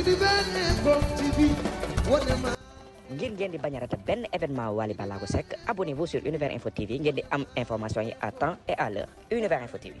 ngir ngeen di bañ a rata benn événement Wally Ballago Seck abonnez-vous sur Univers Info TV ngeen di am information yi à temps et à l'heure Univers Info TV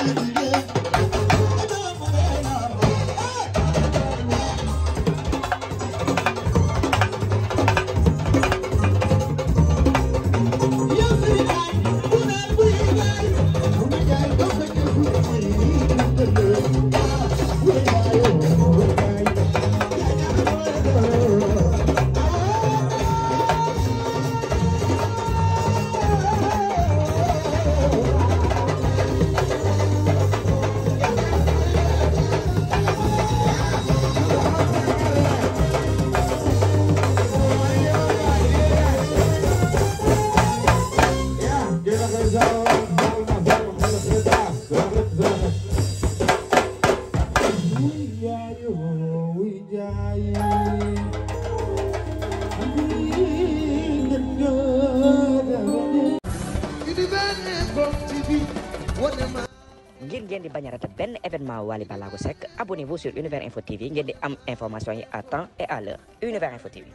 Thank you. ngeen di bañ a rater benn événement Wally Ballago Seck abonnez-vous sur Univers Info TV ngeen di am information yi à temps et à l'heure Univers Info TV